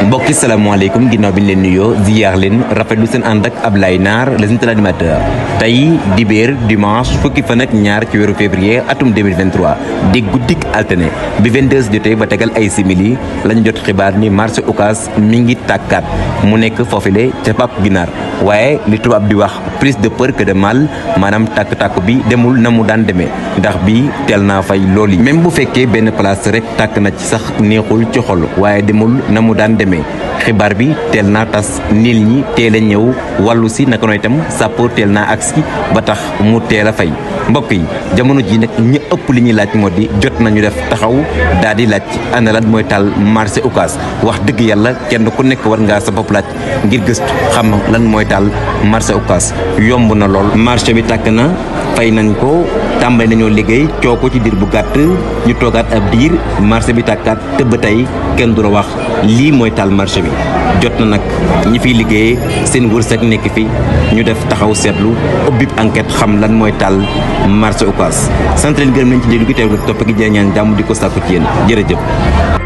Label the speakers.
Speaker 1: mbokki salaamaaleykum ginnaaw bi ñu leen nuyoo ziyaar leen rafetlu seen ànd ak ab Ablaye Naar le seen animateur tey dibéer dimanche fukki fan ak ñaar ci weeru février atum 2023 di guddik altine bi 22 jotee ba tegal ay simili lañu jot xibaar ni marché Ocass mi ngi tàkkaat mu nekk foofile ca Pape Ginaar waaye li tubaab bi wax prise de peur que de mal maanaam tàkk tàkku bi demul na mu daan demee ndax bi teel naa fay lool yi même bu fekkee benn place rek tàkk na ci sax neexul ci xol waaye demul na mu daan demee xibaar bi teel naa tas nit ñi teel a ñëw wàllu si naka nooy itam teel naa agsi ba tax mu teel a fay mbokk yi jamono ji nag ñu ëpp li ñuy laaj moo di jot nañu def taxaw daal di laaj ana lan mooy taal marché Ocass wax dëgg yàlla kenn ku nekk war ngaa sa bopp ngir gëstu xam lan mooy taal marché Ocass yomb na lool marché bi tàkk na fay nañ ko tàmbali nañoo liggéey coo ko ci diir bu gàtt ñu toogaat ab diir marché bi tàkkaat te ba tey kenn du la wax lii mooy taal marché bi jot na nag ñi fiy liggéeyee seen wërsëg nekk fi ñu def taxaw seetlu ubbi enquête xam lan mooy taal marché Ocass sant leen gërëm nañ ci déglu gi teewlu topp gi jërë ñaan jàmm di ko sàkku ci yéen jërëjëf